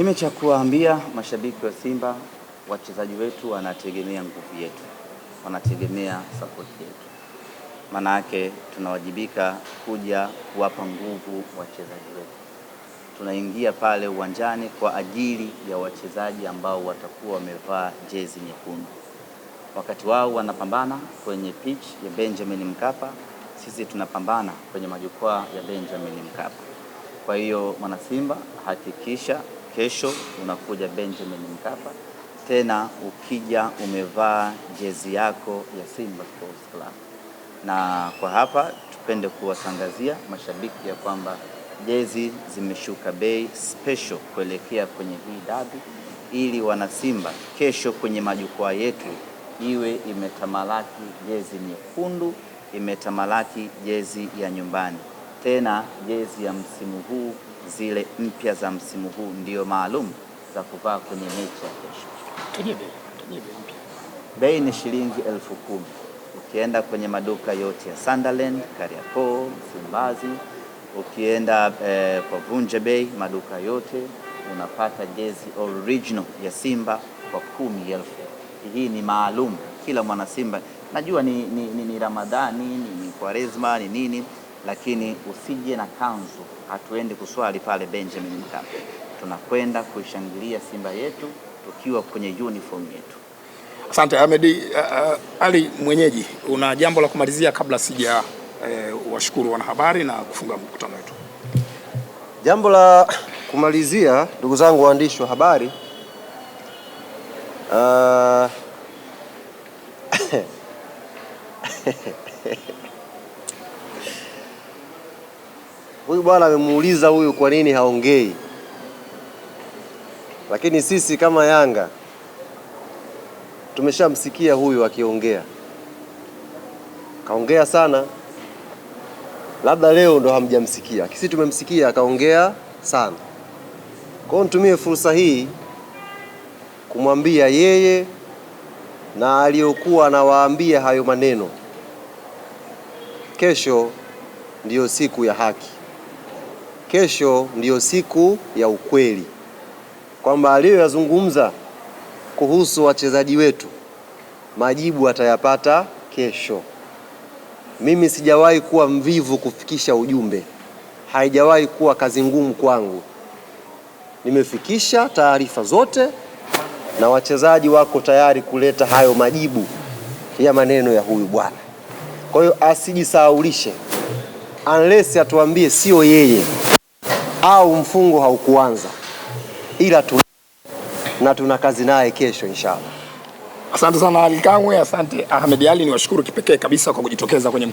Mimi cha kuwaambia mashabiki wa Simba, wachezaji wetu wanategemea nguvu yetu, wanategemea sapoti yetu, maana yake tunawajibika kuja kuwapa nguvu wachezaji wetu. Tunaingia pale uwanjani kwa ajili ya wachezaji ambao watakuwa wamevaa jezi nyekundu, wakati wao wanapambana kwenye pitch ya Benjamin Mkapa, sisi tunapambana kwenye majukwaa ya Benjamin Mkapa. Kwa hiyo, Mwanasimba, hakikisha Kesho unakuja Benjamin Mkapa tena, ukija umevaa jezi yako ya Simba Sports Club, na kwa hapa tupende kuwatangazia mashabiki ya kwamba jezi zimeshuka bei special kuelekea kwenye hii dabi, ili wanasimba kesho kwenye majukwaa yetu iwe imetamalaki jezi nyekundu, imetamalaki jezi ya nyumbani, tena jezi ya msimu huu zile mpya za msimu huu ndio maalum za kuvaa kwenye mechi ya kesho. Bei ni shilingi elfu kumi. Ukienda kwenye maduka yote ya Sunderland, Kariakoo, Msimbazi, ukienda eh, kwa Vunja Bei, maduka yote unapata jezi original ya Simba kwa kumi elfu. Hii ni maalum kila mwana Simba. Najua ni, ni, ni, ni Ramadhani, ni, ni Kwaresma, ni nini lakini usije na kanzu. Hatuendi kuswali pale Benjamin Mkapa, tunakwenda kuishangilia Simba yetu tukiwa kwenye uniform yetu. Asante Ahmed. Uh, Ali mwenyeji, una jambo la kumalizia kabla sija uh, washukuru wanahabari na kufunga mkutano wetu? Jambo la kumalizia, ndugu zangu waandishi wa habari, uh, Huyu bwana amemuuliza huyu kwa nini haongei, lakini sisi kama Yanga tumeshamsikia huyu akiongea, kaongea sana, labda leo ndo hamjamsikia, sisi tumemsikia akaongea sana. Kwa hiyo nitumie fursa hii kumwambia yeye na aliyokuwa anawaambia hayo maneno, kesho ndiyo siku ya haki kesho ndiyo siku ya ukweli, kwamba aliyoyazungumza kuhusu wachezaji wetu majibu atayapata kesho. Mimi sijawahi kuwa mvivu kufikisha ujumbe, haijawahi kuwa kazi ngumu kwangu. Nimefikisha taarifa zote na wachezaji wako tayari kuleta hayo majibu ya maneno ya huyu bwana. Kwa hiyo asijisahaulishe, unless atuambie sio yeye au mfungo haukuanza, ila tuna na tuna kazi naye kesho inshallah. Asante sana ali Kamwe, asante Ahmed ali ni washukuru kipekee kabisa kwa kujitokeza kwenye